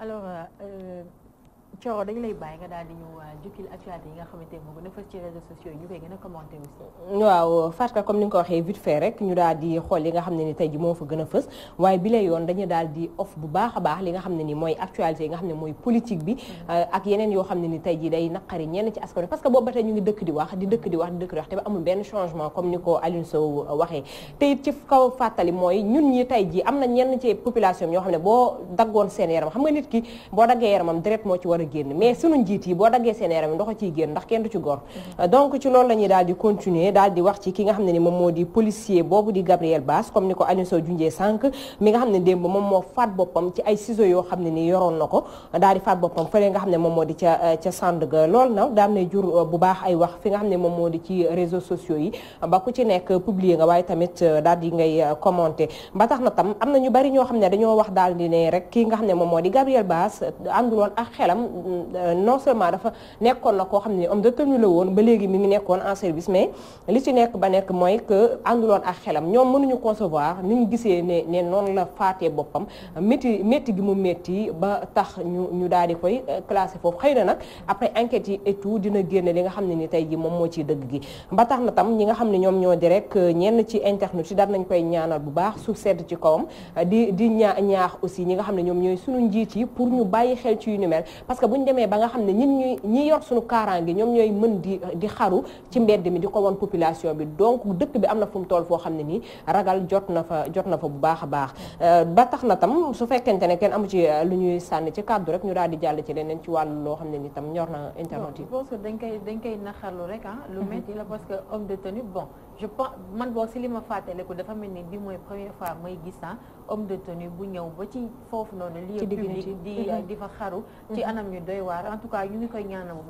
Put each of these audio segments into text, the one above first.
alors euh, euh Thioro dañu lay bàyyi nga daal di ñu euh, jukkil actualité yi nga xamante ne moom fës ci réseaux sociaux yi ñu koy gën a commenté aussi. waaw Fatou comme comme ni ko waxee te ci kaw fàttali mooy ñun ñi tey ji am na ñenn ci population ñoo xam ne boo daggoon seen yaram xam nga nit ki boo daggee yaramam deret ci war a génn mais sunu njiit yi boo daggee seen yaram ndox ciy génn ndax kenn du ci gor donc ci loolu la ñuy daal di continuer daal di wax ci ki nga xam ne moom moo di policier boobu di Gabriel Bass ni ko Aliou Sow junjee sànq nga xam ne démb moo faat boppam ci ay yoo xam ne ni yoroon na ko daal di faat boppam fële nga xam ne moom moo di ca euh, ca Sandaga loolu nag daam ne jur euh, bu baax ay wax fi nga xam ne moom moo di ci réseaux sociaux yi ba ku ci nekk publier nga waaye tamit euh, daal di ngay commenter ba tax na tam am na ñu bari ñoo xam ne dañoo wax daal di ne rek ki nga xam ne moom moo di Gabriel Bass ànduloon ak xelam Euh, non seulement dafa nekkoon na koo xam ne homme de tenue la woon ba nekk ba nekk mooy que ànduloon ak xelam ñoom mënuñu concevoir ni ñu gisee ne ne noonu la faatee boppam métti métti gi mu métti ba tax ñu ñu daal di koy euh, classé foofu xëy na nag après enquête yi et dina génne li nga xam ne ni tey ji moom moo ciy dëgg gi ba tax na tam ñi nga xam ne ñoom ñoo di euh, ñenn ci internet yi daan nañ koy ñaanal bu baax suuf sedd ci kawam di di ñooy sunu njiit yi pour ñu bàyyi xel ci yu ni mel parce bu ñu demee ba nga xam ne ñun ñuy ñi yor suñu gi ñoom ñooy mën di di xaru ci mbedd mi di ko won population bi donc dëkk bi am na fu mu toll foo xam ne nii ragal jot na fa jot na fa bu baax a baax euh, ba tax na tam su fekkente ne kenn amu ci euh, lu ñuy sànni ci kàddu rek ñu daal di jàll ci leneen ci wàllu loo xam ne ni tam ñor na internet yi dañ koy dañ koy naxarlu rek ah lu mhm. metti la parce que homme de tenue bon je pense man boog si li ma fàttaliku dafa mel ni bi mooy première fois may gis ah homme de tenue bu ñëw ba ci foofu noonu lieu public mm-hmm. di fa xaru ci mm-hmm. anam ñu doy waar en tout cas ñu ngi koy ñaanal bu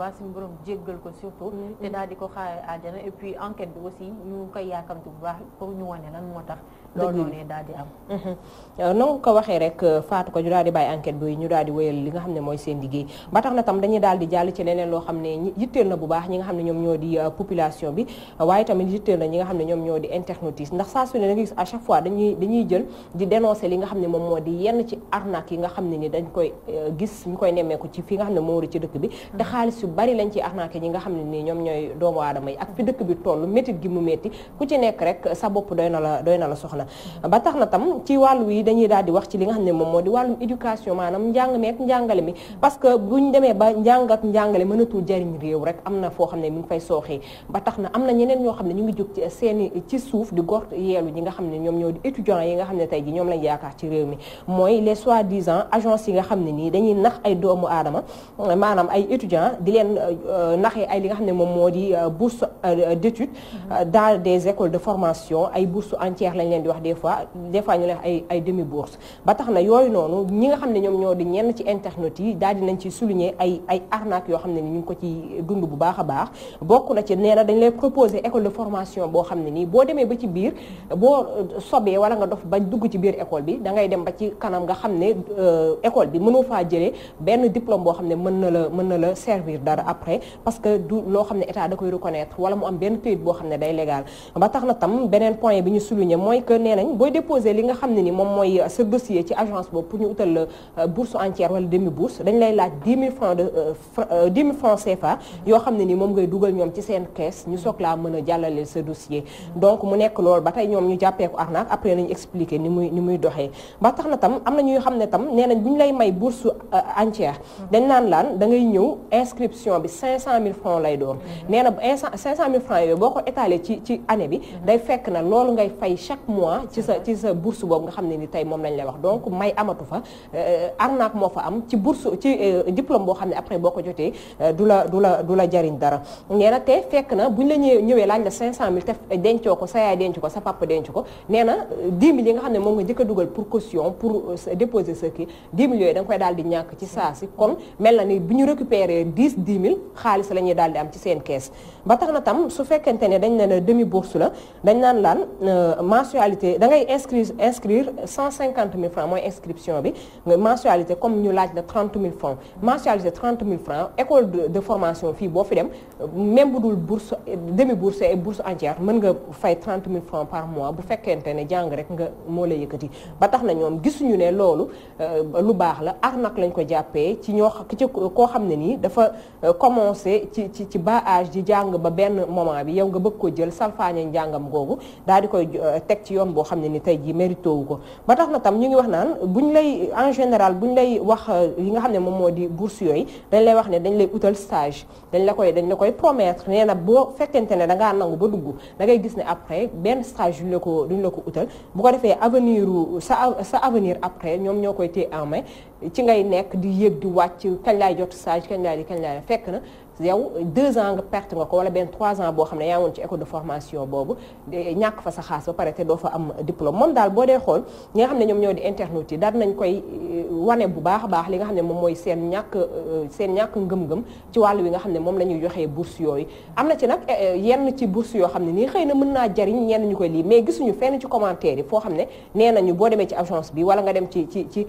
ko surtout mm-hmm. ko xaare àjjana bu baax pour ñu wane lan moo tax loolu noonu daal di am na euh, nga ko waxee rek euh, faatu ko ñu daal di bàyyi enquête bi ñu daal di li nga xam ne mooy seen liggéey ba tax na tam dañuy daal di jàll ci leneen loo xam ne yitteel na bu baax ñi nga xam ne ñoom ñoo di euh, population bi waaye nga xam ne ñoom ñoo di internautes ndax saa su ne da nga gis à chaque fois dañuy jël di dénoncer li nga xam ne moom moo di yenn ci arnaque yi nga xam ne ni dañ koy euh, gis ñu koy nemmeeku bi te xaalis yu bari lañ ci arnaque ñi nga xam ne nekk rek sa bopp doy na la la soxla ba tax na tam ci wàllu yi dañuy daal di wax ci li nga xam ne moom moo di wàllum éducation maanaam njàng meek njàngale mi parce que buñ demee ba njàng ak njàngale mënatul jariñ réew rek am na foo xam ne mi ngi fay sooxee ba tax na am na ñeneen ñoo xam ne ñu ngi jóg ci seeni ci suuf di gort yeelu ñi nga xam ne ñoom ñoo di étudiants yi nga xam ne tey ji ñoom lañ yaakaar ci réew mi mooy les soi-disant agences yi nga xam ne nii dañuy nax ay doomu aadama maanaam ay étudiants di leen euh, naxee ay li nga xam ne moom moo di euh, bourse euh, d'études dans des écoles de formation ay bourses entières lañ leen di wax des fois des fois ñu leen ay ay demi bourse ba tax na yooyu noonu ñi nga xam ne ñoom ñoo di ñenn ci internet yi daal nañ ci souligner ay ay arnaques yoo xam ne ñu ngi ko ci dund bu baax a baax formation boo xam ne nii boo demee ba ci biir boo euh, sobee wala nga dof ba dugg ci biir école bi da ngay dem ba ci kanam nga xam ne euh, école bi mënoo faa jëlee benn diplôme boo xam ne mën na la mën na la servir dara après parce que du loo xam ne état da koy reconnaître wala mu am benn këyit boo xam ne day légal na tam beneen point bi ñu souligné mooy que nee nañ booy déposé li nga xam ne ni moom mooy euh, sa dossier ci agence boobu pour ñu utal la bourse entière wala demi bourse dañ lay laaj dix mille de dix mille francs yoo xam ne ni moom ngay dugal ñoom ci seen caisse ñu soog laa mën a jàllale sa dossier donc mu nekk loolu ba tey ñoom ñu jàppee ko après nañu expliqué ni muy ni ba tax na tam am na ñuy xam ne tam nee nañ bu ñu lay may bourse euh, entière dañ naan laan da ngay ñëw inscription bi 500000 francs lay doon nee na 500000 francs yooyu boo ko étalé ci ci année bi day fekk na loolu ngay fay chaque mois ci sa ci sa bourse boobu nga xam ne ni tey moom lañ lay wax donc may amatu fa euh, arnaque moo fa am ci bourse ci euh, diplôme boo xam ne après boo ko jotee du la du la du la jariñ dara ñëwee laaj la def eh, dencoo ko sa yaay denc ko sa papa denc ko nee na 10 eh, 000 yi nga xam ne moom nga njëkk a dugal pour caution pour euh, déposer sa kii 10 yooyu da koy daal di ñàkk ci saa si kon mel na ni bi ñu récupérer 10 10 000 xaalis la ñuy daal di am ci seen kees ba tax na tam su fekkente ne dañ ne la demi bourse la dañ naan laan euh, mensualité da ngay inscrire inscrire 150 000 francs mooy inscription bi mensualité comme ñu laaj la 30 000 francs mensualité 30 000 francs école de formation fii boo fi dem euh, même bu dul bourse demi bourse mën nga fay 30 000 francs par mois bu fekkente ne jàng rek nga moo la yëkkati ba tax na ñoom gisuñu ne loolu euh, lu baax la arnaque lañ ko jàppee ci ñoo ci koo xam ne nii dafa euh, commencé ci ci ci bas âge di jàng ba benn moment bi yow nga bëgg ko jël salfaañe njàngam googu daal di koy euh, teg ci yoon boo xam ne ni tey jii mérito wu ko ba tax na tam ñu ngi wax naan buñ lay en général bu ñu lay wax yi nga xam ne moom moo di bourse yooyu dañ lay wax ne dañ lay utal stage dañ la koy dañ la koy promettre nee na fekkente ne dangaa nangu ba dugg da ngay gis ne après benn stage duñ la ko duñ la ko utal bu ko defee avenir sa sa avenir après ñoom ñoo koy téye en main ci ngay nekk di yëg di wàcc kañ laay jot stage kañ laay di kañ laay fekk na yow deux ans nga perte nga ko wala benn trois ans boo xam ne yaa woon ci école de formation boobu ñàkk fa sa xaas ba pare te doo fa am diplôme moom nga xam ne ñoom ñoo di internautes yi daal nañ koy euh, wane bu baax a baax li euh, nga xam ne moom la ñuy joxee bourse yooyu am na ci nag eh, eh, yenn ci bourse yoo xam ne nii xëy na mën naa jariñ ñenn ñu koy lii mais gisuñu fenn ci commentaire yi foo xam ne nee nañu boo demee ci bi wala nga dem ci ci ci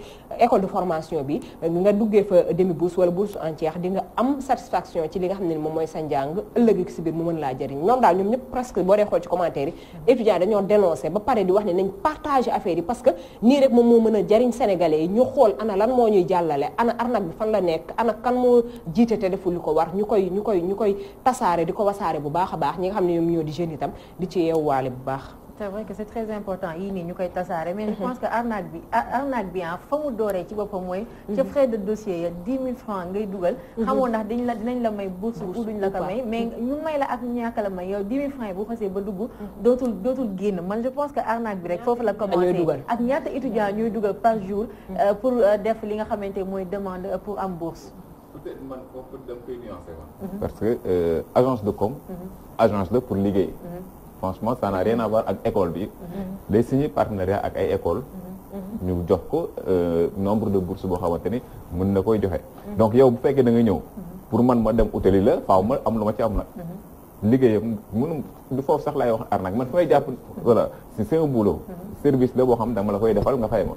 formation bi nga duggee fa demi bourse wala bourse entière di nga am satisfaction ci li nga xam ne moom mooy sa njàng ëllëg si biir mu mën laa jëriñ ñoom daal ñoom ñëpp presque boo dee xool ci commentaire yi mm-hmm. étudiants dañoo dénoncé ba pare di wax ne nañ partager affaire yi parce que nii rek moom moo mën a jëriñ sénégalais yi ñu xool ana lan moo ñuy jàllale ana arnaque bi fan la nekk ana kan moo jiite te deful li ko war ñu koy ñu koy ñu koy tasaare di ko wasaare bu baax a baax ñi nga xam ne ñoom ñoo di jeunes itam di ci yeewwaale bu baax c'est vrai que c'est très important yii nii ñu koy tasaare mais je mhm. pense que arnaque bi arnaque bi ah fa dooree ci boppam mooy ca mhm. frais de dossier ya dix mille francs ngay dugal mhm. xamoo ndax dañ la dinañ la may bourse ou duñ la ko may mais ñu may la ak ñàkk la may yow dix mille francs yi bu xasee ba dugg dootul dootul génn man je pense que arnaque bi rek foofu la commencé ak ñaata étudiant ñuy dugal par jour euh, pour euh, def li nga xamante mooy demande pour am bourse peut-être man foofu dama koy parce que euh, de com agence la franchement ça n'a rien à ak école bi mhm. day signé partenariat ak ay école mhm. ñu jox ko euh, nombre de bourses boo xamante ni mën na koy joxe mhm. donc yow bu fekkee da nga ñëw pour man ma dem utali la faaw ma am lu ma ci am na liggéeyam mënum du foofu sax laay wax arnaque man fay jàpp voilà si c'est un boulot service la boo xam dama la koy defal nga fay ma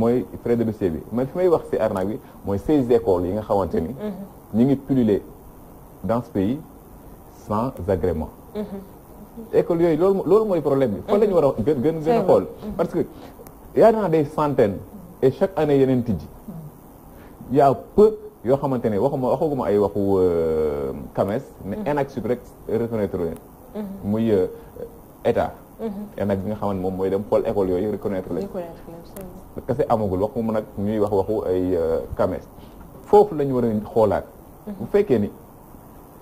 mooy frais de dossier bi man fi may wax si arnaque bi mooy ces école yi nga xamante ni ñu ngi pulluler dans ce pays sans école yooyu loolu loolu mooy problème bi fan la ñu war a gën gën xool parce que yaa naa des centaines et chaque année yeneen tijji y a peu yoo xamante ne waxuma waxaguma ay waxu euh, CAMES mais mm-hmm. ENACSUP rek reconnaître mm-hmm. muy euh, état mm-hmm. ENAC bi nga xamante moom mooy dem xool école yooyu reconnaître leen kese amagul waxuma nag ñuy wax waxu ay euh, CAMES foofu la ñu war a xoolaat bu fekkee ni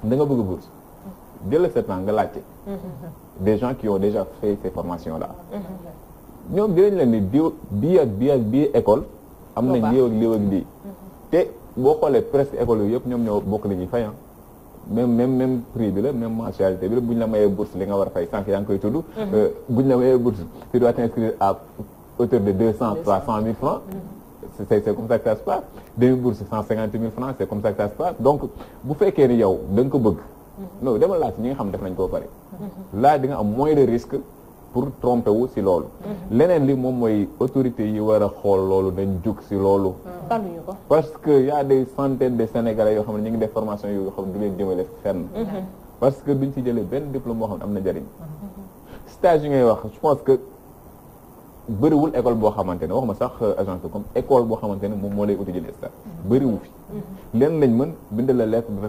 da nga bëgg a jël sept ans nga laajte. des gens qui ont déjà fait ces formations là. Mm-hmm. ñoom dinañ leen ni diw bii ak bii ak bii école. am nañ lii ak lii ak mm-hmm. lii. te boo xoolee presque école yooyu yëpp ñoom ñoo bokk li ñuy fay ah. même même même prix bi la même mensualité bi la bu ñu la mayee bourse li nga war a fay sànq yaa ngi koy tudd. Mm-hmm. Euh, bu ñu la mayee bourse tu dois t'inscrire à hauteur de deux cent trois cent mille francs. c'est c'est comme ça que ça se passe demi bourse cent cinquante mille francs c'est comme ça que ça se passe donc bu fekkee ni yow da nga ko bëgg. non mm-hmm. dama laaj ñi nga xam def nañ koo pare mm-hmm. laaj di nga am moins de risque pour tromper wu si loolu mm-hmm. leneen li moom mooy autorités yi war a xool loolu dañ jug si loolu parce que y de des de sénégalais yoo xam ne ñu ngi def formation yoo xam ne du leen jëmale fenn parce que duñ si jëlee benn diplôme boo xam ne am na jariñ stage yi ngay wax je pense que bëriwul école boo xamante wax ma sax euh, agence de école boo xamante ne moom moo lay uti jëlee stage bëriwu fi lenn lañ mën bind la lettre de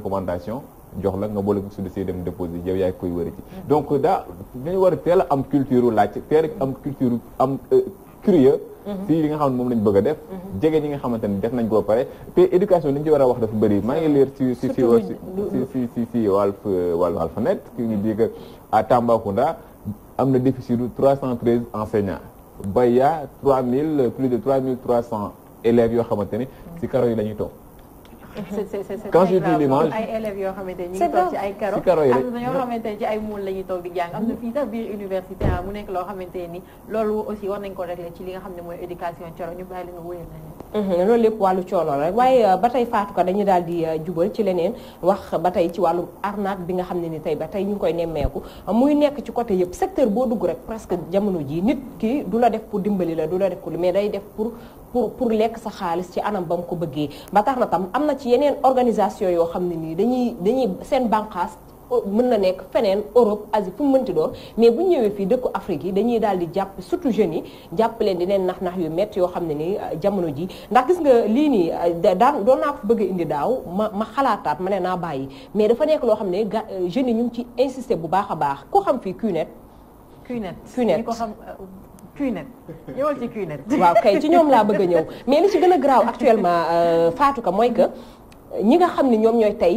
jox la nga boole ko suñu see dem déposé yow yaay koy wër ci donc daa dañu war a teel am culture laaj teel a am culture am euh, curieux mhm. si yi nga xam ne moom lañ bëgg a def mhm. jege ñi nga xamante ne def nañ koo pare te éducation li ci war a wax dafa bëri maa ngi leer si si si si si si Walf euh, Walf Walf Net ki ngi di que à Tambacounda am na déficit du trois cent treize enseignants Baya trois mille plus de trois mille trois cent élèves yoo xamante ne si mhm. karo yi la ñuy toog quand je dis l'image ay élèves yoo xamante ne ñu ngi toog ci ay karo am toog di jàng am na fii sax biir université ah mu nekk loo xamante ni loolu aussi war nañ ko régler ci li nga xam ne mooy éducation coro ñu bàyyi la nga wóyal nañu mhm, loolu lépp wàllu coono rek waaye euh, ba tey faatu ko dañu daal di euh, jubal ci leneen wax ba tey ci wàllu arnaque bi nga xam ne ni tey ba tey ñu ngi koy nemmeeku muy nekk ci côté yëpp secteur boo dugg rek presque jamono ji nit ki du la def pour dimbali la du la def pour mais day def pour pour pour lekk sa xaalis ci anam ba mu ko bëggee ba tax na tam am na ci yeneen organisation yoo xam ne nii dañuy dañuy seen bànqaas euh, mën na nekk feneen Europe Asie fu mu mënti doon mais bu ñëwee fii dëkku Afrique yi dañuy daal di jàpp surtout jeunes yi jàpp leen di leen nax-nax yu métti yoo xam ne ni euh, jamono ji ndax gis nga lii nii euh, daan doon naa ko bëgg a indi daaw ma ma xalaataat ma ne naa bàyyi mais dafa nekk loo xam ne ga jeunes yi ñu ngi ci insister bu baax a baax ku xam fii CUNET. CUNET ñi cuinet ñëwal ci cuinet. waaw kay ci ñoom laa bëgg a ñëw mais li ci gën a graaw actuellement euh, Fatou Ka mooy que ñi nga xam ni ñoom ñooy tey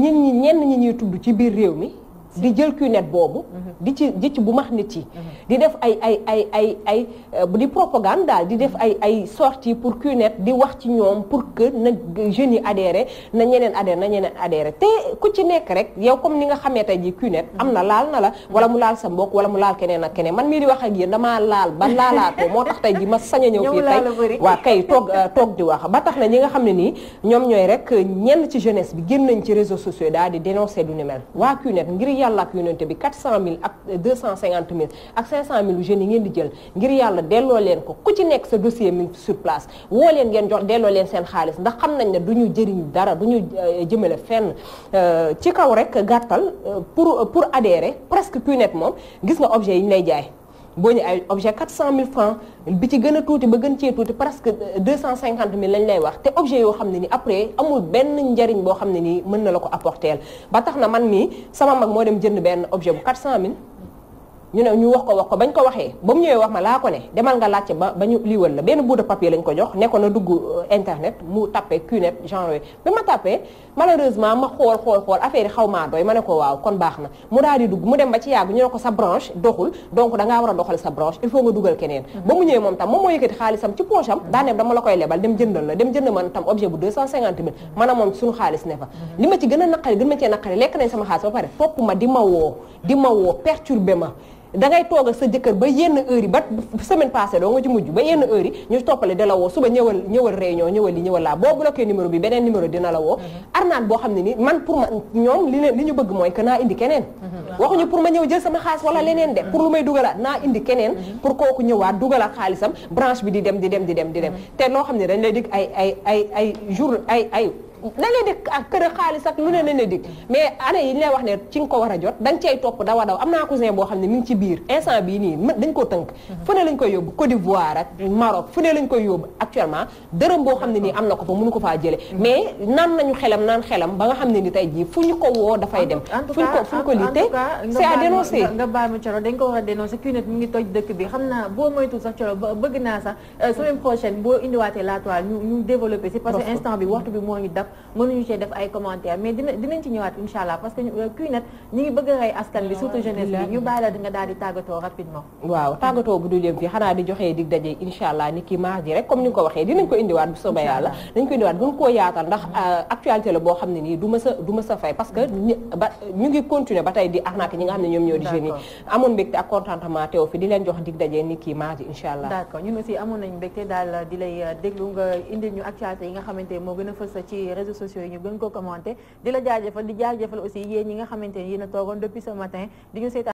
ñenn ñi ñenn ñi ñuy tudd ci biir réew mi. di jël cunette boobu. di ci di bu max nit yi. di def ay ay ay ay ay euh, di propagande daal di def ay ay sortie pour cunette di wax ci ñoom pour que na jeunes yi adhéré na ñeneen adhéré na ñeneen adhéré te ku ci nekk rek yow comme ni nga xamee tey ji cunette am na laal na la wala mu laal sa mbokk wala mu laal keneen ak keneen man mii di wax ak yéen damaa laal ba laalaatoo moo tax tey ji ma sañ a ñëw fii tey waa kay toog euh, toog di wax ba tax na ñi nga xam ne nii ñoom ñooy rek ñenn ci jeunesse bi génn nañ ci réseau sociaux daal di dénoncer du yàlla ak yonente bi 400000 ak 250000 ak 500000 jeunes yi ngeen di jël ngir yàlla delloo leen ko ku ci nekk sa dossier mi sur place woo leen ngeen jox delloo leen seen xaalis ndax xam nañ ne du ñu jëriñ dara du ñu euh, jëmale fenn euh, ci kaw rek gàttal euh, pour pour adhérer presque punet moom gis nga objet yi ñu lay jaay boo ñu ay objet mille francs bi ci gën a tuuti ba gën cee tuuti presque cent cinquante 250000 lañ lay wax te objet yoo xam ne ni après amul benn njariñ boo xam ne nii mën na la ko apporter ba tax na man nii sama mag moo dem jënd benn objet bu 400000. ñu ne ñu wax ko wax ko bañ ko waxee ba mu ñëwee wax ma laa ko ne demal nga laajte ba ba ñu liiwal la benn bout de papier lañ ko jox ne ko na dugg euh, internet mu tapé QNET genre ba ma tapé malheureusement ma xool xool xool affaire yi xaw maa doy ma ne ko waaw kon baax na mu daal di dugg mu dem ba ci yàgg ñu ne ko sa branche doxul donc da war a doxal sa branche il faut nga dugal keneen mm-hmm. ba mu ñëwee moom tam moom moo yëkkati xaalisam ci poche am daa ne dama la koy lebal dem jëndal la dem jënd ne tam objet bu 250 000 mm-hmm. maanaam moom suñu xaalis ne fa mm-hmm. li ma ci gën a naqari gën ma cee naqari lekk nañ sama xaalis ba pare di ma woo di ma woo ma dangay ngay toog ak sa jëkkër ba yenn heure ba semaine passée doo nga ci mujj ba yenn heure yi ñu toppale da la woo suba ñëwal ñëwal réunion ñëwal li ñëwal laa boo bloqué numéro bi beneen numéro dina la woo mm-hmm. arnaat boo xam ne ni man pour ma ñoom li li ñu bëgg mooy que naa indi keneen mm-hmm. waxuñu pour ma ñëw jël sama xaalis wala leneen de pour lu may dugalaat naa indi keneen mm-hmm. pour kooku ñëwaat dugalaat xaalisam branche bi di dem di dem di dem di dem te loo xam ne dañ lay dig ay ay ay ay jour ay ay na leen di ak kër xaalis ak lu ne leen di mais année yi ñu wax ne ci nga ko war a jot da nga cay topp dawa daw am naa cousin boo xam ne mi ngi ci biir instant bii nii dañ ko tënk mhm. fu yóbbu Côte d'Ivoire ak Maroc fu ne lañ koy yóbbu actuellement dërëm boo xam ne nii am na ko fa mënu ko faa jële mhm. mais naan nañu xelam naan xelam ba nga xam ne ni tey jii fu ñu ko woo dafay dem fu ñu te c'est à dénoncer nga baal ma coro dañ ngi toj dëkk bi xam naa boo moytu sax coro bëgg naa sax euh, semaine prochaine boo indiwaatee la toile ñu ñu développé si parce que instant bi waxtu bi moo ngi dab mënuñu cee def ay commentaires mais dina dinañ ci ñëwaat incha allah parce que euh, kuy nag ñi ngi bëgg a rey askan bi surtout jeunesse bi ñu bàyyi la nga daal di tàggatoo rapidement waaw tàggatoo bu dul yem fii xanaa di joxee dig daje incha euh, xam ne nii du mm-hmm. ne leen jox dig daje ni ki mardi incha allah ñun aussi amoon nañ mbégte daal di lay euh, déglu nga indil ñu actualité yi nga xamante moo gën a fës ci réseaux sociaux yi ñu gën ko commenté di la jaajëfal di jaajëfal aussi yéen ñi nga xamante ni yéen a toogoon depuis matin di ñu seetaan